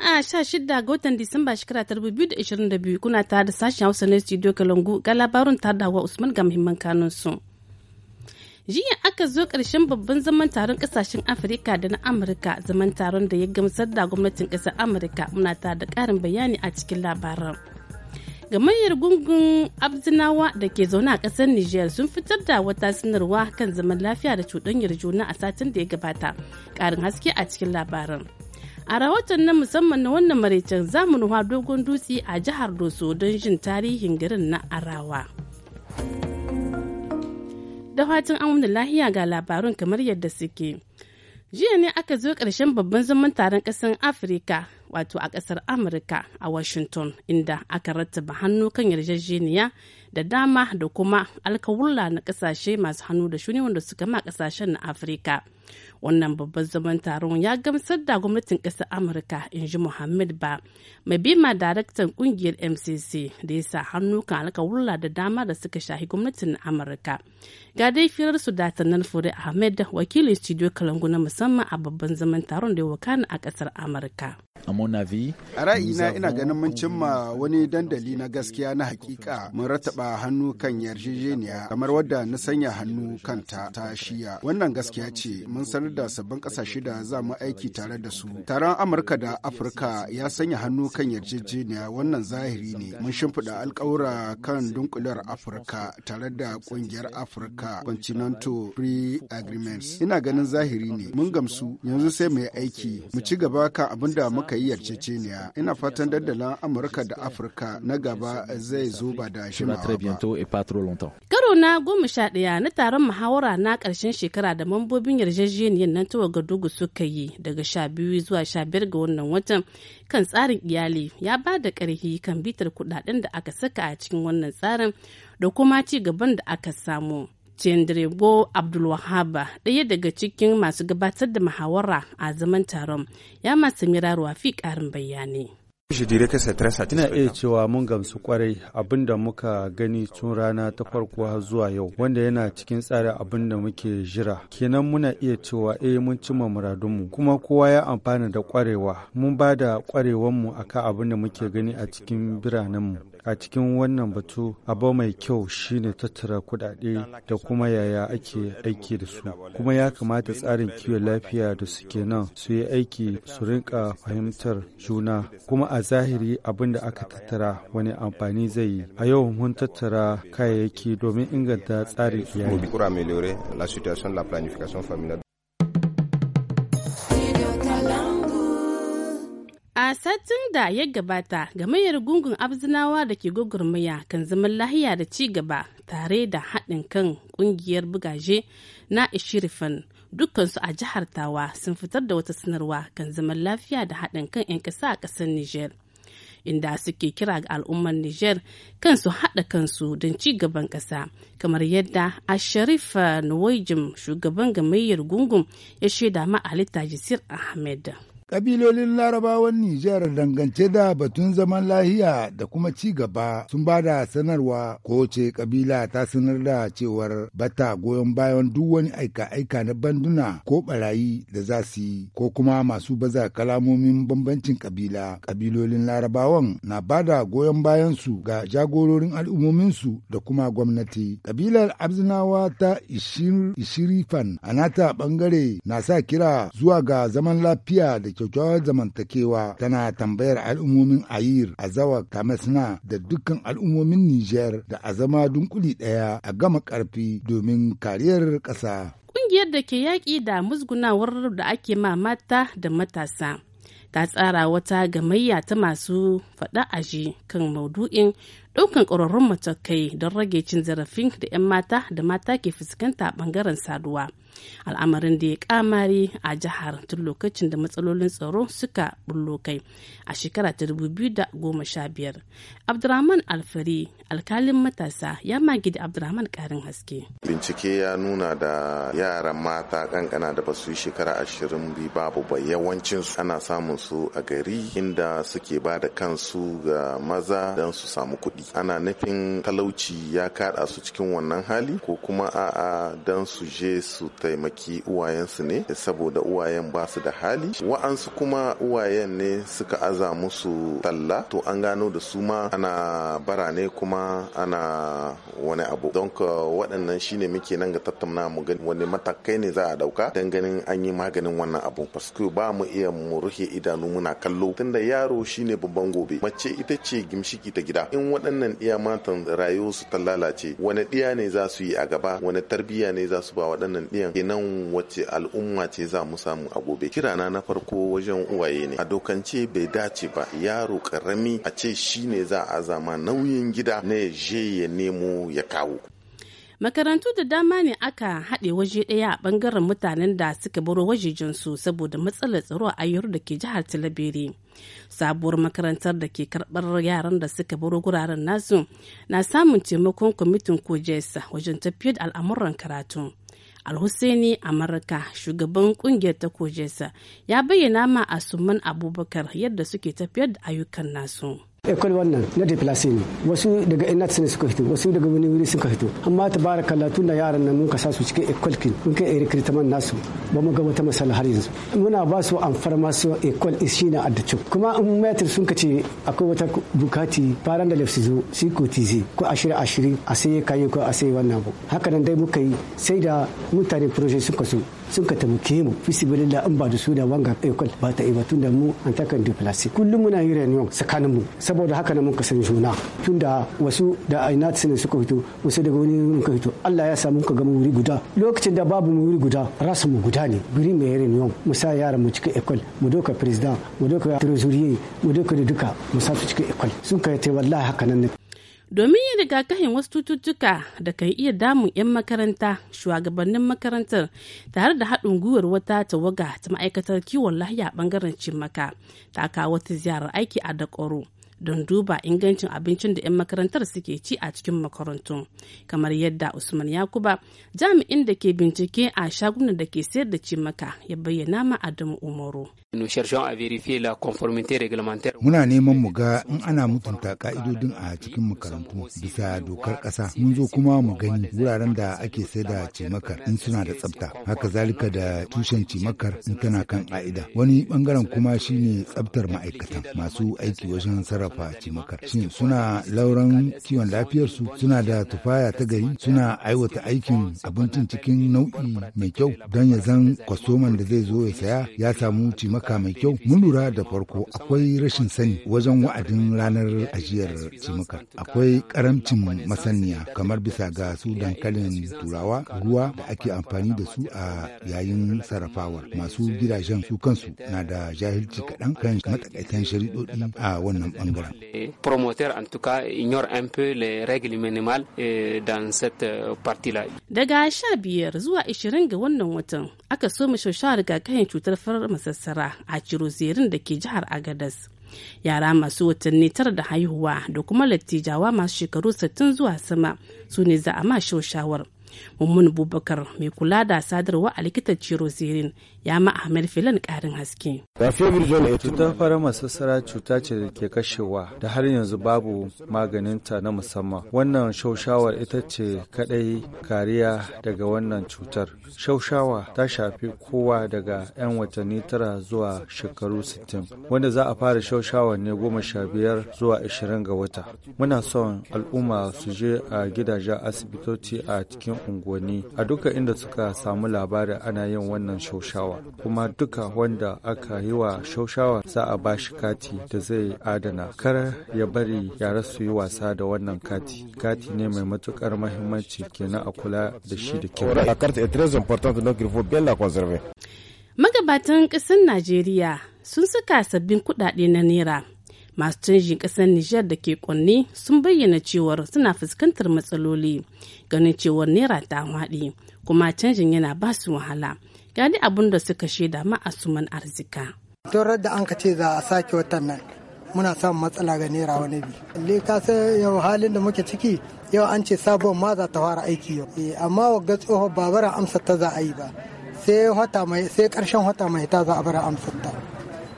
Juma'a 16 ga watan Disamba shekara 2022 kuna tare da sashen Hausa na Studio Kalangu ga labarin wa Usman ga muhimman kanun su. Jiya aka zo karshen babban zaman taron kasashen Afirka da na Amurka zaman taron da ya gamsar da gwamnatin kasar Amurka muna tare da karin bayani a cikin labaran. gamayyar gungun abzinawa da ke zaune a kasar niger sun fitar da wata sanarwa kan zaman lafiya da cuɗanyar juna a satin da ya gabata karin haske a cikin labaran A rahoton na musamman na wannan maraicen zamu wa dogon dutse a jihar Doso don jin tarihin garin na Arawa. Da fatan an lahiya ga labarun kamar yadda suke. Jiya ne aka zo ƙarshen babban zaman taron ƙasar Afirka wato a ƙasar amurka a washington inda aka rattaba hannu kan yarjejeniya da dama da kuma alkawulla na ƙasashe masu hannu da shuni wanda suka ma ƙasashen na afirka wannan babban zaman taron ya gamsar da gwamnatin ƙasar amurka in ji muhammad ba mai bima daraktan ƙungiyar mcc da ya sa hannu kan alkawulla da dama da suka shahi gwamnatin amurka ga dai firar su da tanar fure ahmed wakilin studio kalangu na musamman a babban zaman taron da ya wakana a ƙasar amurka a mon ra'ayina ina ganin mun cimma wani dandali na gaskiya na hakika mun rataba hannu kan yarjejeniya kamar wadda na sanya hannu kanta ta shiya wannan gaskiya ce mun sanar da sabbin kasashe da za mu aiki tare da su taron amurka da afirka ya sanya hannu kan yarjejeniya wannan zahiri ne mun shimfiɗa alkawura kan dunkular afirka tare da ƙungiyar afirka continental free agreements ina ganin zahiri ne mun gamsu yanzu sai mu yi aiki mu ci gaba kan abin da muka yi yarjejeniya ina fatan dandalin amurka da afirka na gaba zai zo ba da jimawa ba karo na goma sha ɗaya na taron muhawara na ƙarshen shekara da mambobin yarjejeniyar nan ta wagadugu suka yi daga sha biyu zuwa sha biyar ga wannan watan kan tsarin iyali ya ba da ƙarfi kan bitar kuɗaɗen da aka saka a cikin wannan tsarin da kuma ci gaban da aka samu Abdul Wahab, ɗaya daga cikin masu gabatar da muhawara a zaman taron ya masu miraru fi ƙarin bayani. Ina iya cewa mun gamsu kwarai abin da muka gani tun rana ta farko har zuwa yau wanda yana cikin tsarin abin da muke jira. Kenan muna iya cewa eh mun cimma muradunmu kuma kowa ya amfana da kwarewa. Mun ba da kwarewanmu akan abin da muke gani a cikin biranenmu. a cikin wannan batu abu mai kyau shine tattara kudade da kuma yaya ake aiki da su kuma ya kamata tsarin kiwon lafiya da suke nan su yi aiki su rinka fahimtar juna kuma a zahiri abin da aka tattara wani amfani zai yi a yau mun tattara kayayyaki domin inganta tsarin iyali A satin da ya gabata gamayyar gungun abzinawa da ke gwagwarmaya kan zaman lahiya da ci gaba tare da haɗin kan ƙungiyar bugaje na ishirifan dukkansu a jihar tawa sun fitar da wata sanarwa kan zaman lafiya da haɗin kan 'yan ƙasa a ƙasar niger Inda suke kira ga al'ummar niger kansu haɗa kansu don ci gaban ƙasa kamar yadda a sharifa shugaban gamayyar gungun ya shaida ma Ali Tajisir Ahmed. Ƙabilolin larabawan Nijar dangance da batun zaman lahiya da kuma ci gaba sun ba da sanarwa kowace ƙabila ta sanar da cewar bata goyon bayan duk wani aika-aika na banduna ko barayi da za su yi ko kuma masu baza kalamomin bambancin ƙabila. Ƙabilolin larabawan na ba da goyon bayansu ga jagororin al'ummominsu da kuma gwamnati. Ƙabilar Abzinawa ta Ishirifan a nata ɓangare na sa kira zuwa ga zaman lafiya da kyakkyawar zamantakewa tana tambayar al'ummomin Ayir, Azawa, Kamasna da dukkan al'ummomin Nijar da a zama dunkuli daya a gama karfi domin kariyar kasa. Ƙungiyar da ke yaƙi da musgunawar da ake ma mata da matasa. ta tsara wata gamayya ta masu faɗa aji kan maudu'in ɗaukan ƙwararrun matakai don rage cin zarafin da 'yan mata da mata ke fuskanta ɓangaren saduwa. al'amarin da ya kamari a jihar tun lokacin da matsalolin tsaro suka bullo kai a shekara ta biyar abdurrahman alfari alkalin matasa ya magi da abdurrahman karin haske bincike ya nuna da yaran mata kankana da basu yi shekara 20 babu ba yawancin su ana samun su a gari inda suke ba da kansu ga maza don su samu kuɗi ana nufin talauci ya kada su cikin wannan hali ko kuma a'a don su je su ta taimaki uwayensu ne saboda uwayen ba su da hali wa'ansu kuma uwayen ne suka aza musu talla to an gano da su ma ana bara ne kuma ana wani abu don waɗannan shine muke nan ga tattauna mu gani wani matakai ne za a dauka don ganin an yi maganin wannan abu paske ba mu iya mu rufe idanu muna kallo tunda yaro shine babban gobe mace ita ce gimshiki ta gida in waɗannan iya matan rayuwarsu ta lalace wani ɗiya ne za su yi a gaba wani tarbiyya ne za su ba waɗannan ɗiyan kenan wace al'umma ce za mu samu a gobe kirana na farko wajen uwaye ne a dokance bai dace ba yaro karami a ce shi ne za a zama nauyin gida na ya je ya nemo ya kawo makarantu da dama ne aka haɗe waje ɗaya a ɓangaren mutanen da suka baro wajejensu saboda matsalar tsaro a ayyar da ke jihar talabere sabuwar makarantar da ke karɓar yaran da suka baro guraren nasu na samun taimakon kwamitin kojesa wajen tafiye da al'amuran karatu alhussaini amurka shugaban kungiyar ta kojesa ya bayyana ma asuman abubakar yadda suke tafiyar da ayyukan nasu. ekol wannan na deplace ne wasu daga inat ne suka fito wasu daga wani wuri suka fito amma bara tun na yaran nan mun kasa su cikin ekol kin mun kai recruitment nasu ba mu ga wata masala har yanzu muna ba su an farmasiyo ekol shi na addacu kuma in metri sun kace akwai wata bukati faran da lafsi zo shi ko tizi ko ashiri ashiri a sai kai ko a sai wannan abu haka nan dai muka yi sai da mutane project suka so sun ka tamuke mu fisibilillah in ba da su da wanga ekol ba ta yi ba tun da mu an takan deplace kullum muna yi reunion tsakanin mu saboda haka na muka san juna tunda wasu da ina ne suka fito wasu daga wani muka fito Allah ya samu muka gama wuri guda lokacin da babu mu wuri guda rasu mu guda ne guri mai yare yau mu sa yaran mu cikin ekol mu doka president mu doka trezorier mu doka da duka mu sa su cikin ekol sun kai ta wallahi haka nan ne domin yin rigakafin wasu cututtuka da kan iya damun 'yan makaranta shugabannin makarantar tare da haɗin gwiwar wata tawaga ta ma'aikatar kiwon lahiya bangaren cimaka ta kawo wata ziyarar aiki a dakoro don duba ingancin abincin da 'yan makarantar suke ci a cikin makarantu kamar yadda usman yakuba jami'in da ke bincike a shagunan da ke sayar da cimaka ya bayyana ma umaru Muna neman mu ga in ana mutunta ka'idodin a cikin makarantu bisa dokar ƙasa. Mun zo kuma mu gani wuraren da ake sai da cimakar in suna da tsafta. Haka zalika da tushen cimakar in tana kan ƙa'ida. Wani bangaren kuma shine tsaftar ma'aikatan masu aiki wajen sarrafa cimakar. Shin suna lauran kiwon lafiyarsu suna da tufaya ta gari suna aiwata aikin abincin cikin nau'i mai kyau don ya zan kwastoman da zai zo ya saya ya samu cimakar cimaka mai kyau mun lura da farko akwai rashin sani wajen wa'adin ranar ajiyar cimaka akwai karamcin masaniya kamar bisa ga su dankalin turawa ruwa da ake amfani da su a yayin sarrafawar masu gidajen su kansu na da jahilci kaɗan kan matakaitan shari'o'i a wannan bangaren. Eh, daga sha biyar zuwa ashirin ga wannan watan aka so mu shawarar rigakafin cutar farar masassara a cirozerin da ke jihar agadas yara masu watanni tara da haihuwa da kuma lattijawa masu shekaru 60 zuwa sama su ne za a ma shawar mummun bubakar mai kula da sadarwa a likitan ciro zirin ya ma ahmed filan karin haske cutar fara masassara cuta ce da ke kashewa da har yanzu babu maganinta na musamman wannan shaushawar ita ce kadai kariya daga wannan cutar shaushawa ta shafi kowa daga 'yan watanni tara zuwa shekaru 60 wanda za a fara shaushawar ne goma sha biyar zuwa 20 ga wata muna son al'umma su je a gidajen asibitoci a cikin unguwanni a duka inda suka samu labari ana yin wannan shaushawa kuma duka wanda aka yi wa shaushawa za a ba shi kati da zai adana kar ya bari yara su yi wasa da wannan kati kati ne mai matukar mahimmanci kenan a kula da shi da kyau magabatan ƙasar najeriya sun saka sabbin kuɗaɗe na naira masu canjin kasar Nijar da ke kunne sun bayyana cewar suna fuskantar matsaloli ganin cewar naira ta waɗi kuma canjin yana ba su wahala. gani abin da suka shaida ma'asuman arzika. Torar da an ka ce za a sake watan nan muna samun matsala ga naira wani bi. Le ka yau halin da muke ciki yau an ce sabuwar ma za ta fara aiki yau. Eh, amma wagga tsohon babara amsa ta za a yi ba. Sai mai sai ƙarshen wata mai ta za a bar amsar ta.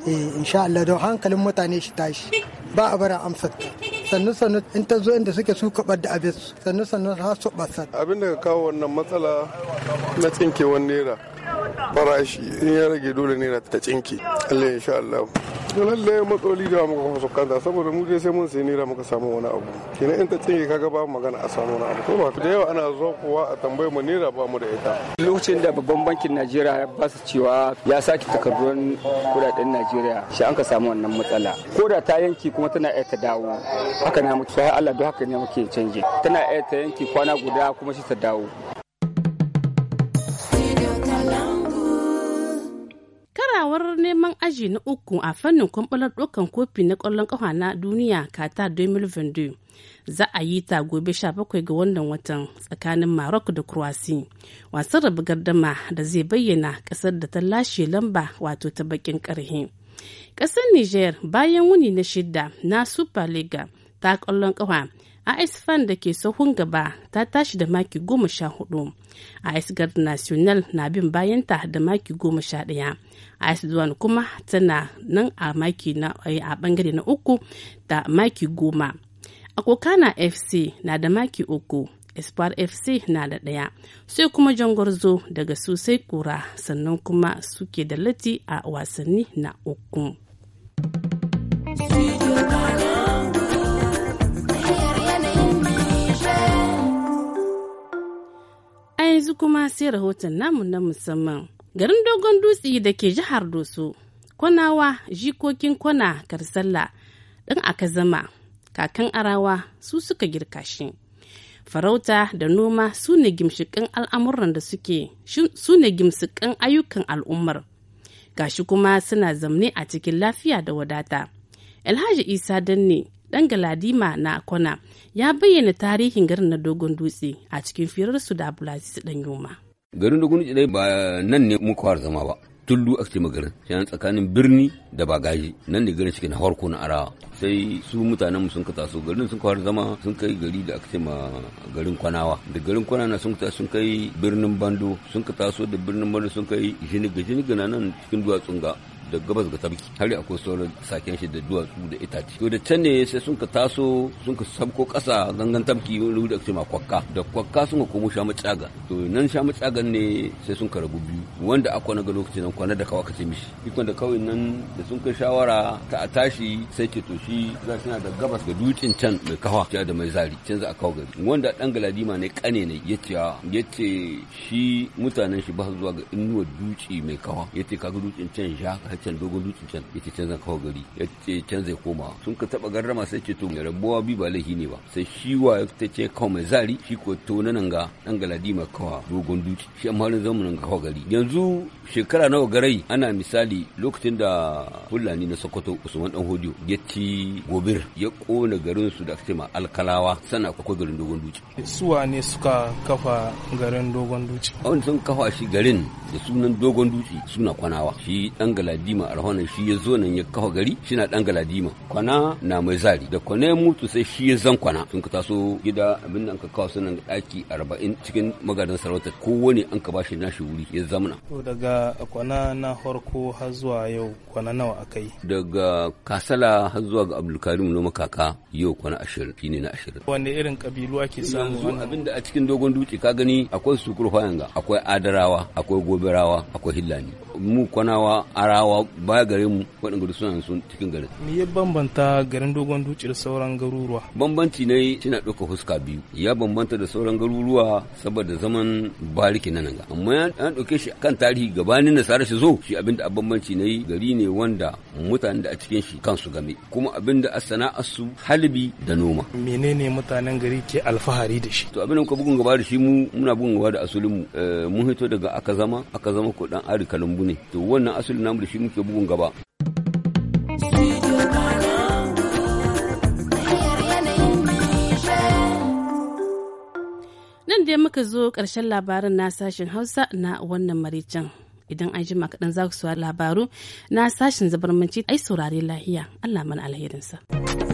eh insha Allah don hankalin mutane shi tashi ba a bara amsar ta sannu sannu in ta zo inda suke su kabar da abin sannu sannu har su basar abin da ka kawo wannan matsala na tsinkewan naira farashi in ya rage dole naira ta tsinke Allah insha Allah to lalle matsoli da muka fuskanta saboda mu je sai mun sai nera muka samu wani abu kenan in ta tsinke kaga ba magana a samu wani abu to ba da yawa ana zuwa kowa a tambaye mu naira ba mu da ita lokacin da babban bankin Najeriya ba su cewa ya saki takardun kudaden Najeriya shi an ka samu wannan matsala ko da ta yanki kuma tana iya ta dawo haka na mutu sai Allah don haka ne muke canje tana iya ta yanki kwana guda kuma shi ta dawo aji na uku a fannin kwamfalar ɗaukan kofi na ƙwallon ƙafa na duniya kata 2022 za a yi ta gobe 17 ga wannan watan tsakanin Maroc da Croatia. Wasan rabu gardama da zai bayyana ƙasar da ta lashe lamba wato ta bakin ƙarhe. Ƙasar Niger bayan wuni na shida na Super League ta ƙwallon ƙafa AS Fan da ke sahun gaba ta tashi da maki goma sha hudu. AS Guard National na bin bayanta da maki goma sha daya AS kuma tana nan a maki na eh, a bangare na uku da maki goma. Akokana FC na da maki uku. Espoir FC na da daya sai kuma jangwarzo daga sosai kura sannan kuma suke da lati a wasanni na uku. yanzu kuma sai rahoton namu na musamman. Garin Dogon Dutse da ke jihar Doso, Kwanawa, jikokin Kwana, Karsalla, ɗan zama kakan Arawa su suka girka shi. Farauta da noma su ne gimshiƙin al'amuran da suke, su ne gimshiƙin ayyukan al'ummar. Gashi kuma suna zamne a cikin lafiya da wadata. Alhaji Isa Danne dan galadima na kona ya bayyana tarihin garin na dogon dutse a cikin firarsu da abulaziz dan yoma garin dogon dutse ba nan ne muka fara zama ba tullu cikin garin yana tsakanin birni da bagaji nan ne garin cikin harko na arawa sai su mutanen sun ka taso garin sun kawar zama sun kai gari da ake ma garin kwanawa da garin kwanana sun ka sun kai birnin bando sun ka taso da birnin bando sun kai jiniga jiniga na nan cikin duwatsun ga da gabas ga tabki har akwai sauran saken shi da duwatsu da itace to da can ne sai sun ka taso sun ka sabko kasa gangan tabki wani da ce ma kwakka da kwakka sun ka komo sha matsaga to nan sha matsagan ne sai sun ka rabu biyu wanda akwai na ga lokacin nan kwana da kawa ka ce mishi ikon da kawai nan da sun kai shawara ta a tashi sai ke to shi za shi na da gabas ga dutsen can mai kawa ya da mai zari can za a kawo gari wanda dan galadima ne kane ne yace yace shi mutanen shi ba zuwa ga inuwar duci mai kawa yace kaga dutsen can ka can dogon dutsen can yace can zan kawo gari yace can zai koma sun ka taba garrama sai ce to rabuwa bi ba laifi ne ba sai shi wa ta ce kawo mai zari shi ko to na nan ga dan galadi ma kawo dogon dutse shi amma ran zamu nan kawo gari yanzu shekara nawa garai ana misali lokacin da fulani na Sokoto Usman Dan Hodiyo ya ci gobir ya kona garin su da ake ma alkalawa sana akwai garin dogon dutse suwa ne suka kafa garin dogon dutse a sun kafa shi garin da sunan dogon dutse suna kwanawa shi dan galadi galadima a rahonan shi ya zo nan ya kawo gari shi na dan galadima kwana na mai zari da kwane mutu sai shi ya zan kwana sun ka taso gida abin da an ka kawo sunan daki arba'in cikin magadan sarauta kowane an ka bashi nashi wuri ya zamana. to daga kwana na farko har zuwa yau kwana nawa akai. daga kasala har zuwa ga abdulkarim noma makaka yau kwana ashirin shine na ashirin. wanne irin kabilu ake samu abin da a cikin dogon dutse ka gani akwai sukur fayanga akwai adarawa akwai goberawa akwai hillani mu kwanawa arawa ba baya gare mu waɗanda gudu suna sun cikin garin. Me ya bambanta garin dogon duci da sauran garuruwa? Bambanci ne yana ɗauka huska biyu. Ya bambanta da sauran garuruwa saboda zaman bariki na nan ga. Amma an ɗauke shi kan tarihi gabanin na shi zo shi abin da bambanci ne gari ne wanda mutanen da a cikin shi kansu game kuma abin da sana'ar su halibi da noma. Menene mutanen gari ke alfahari da shi? To abin da muka bugun gaba da shi mu muna bugun gaba da asulin mu eh, mun hito daga aka zama aka zama ko dan ari kalumbu ne to wannan asulin namu da shi muke bugun gaba. Nan dai muka zo karshen labarin na sashen Hausa na wannan maricin. Idan an jima kaɗan za ku labaru na sashen zabarmanci ai saurari lahiya Allah mana alherinsa.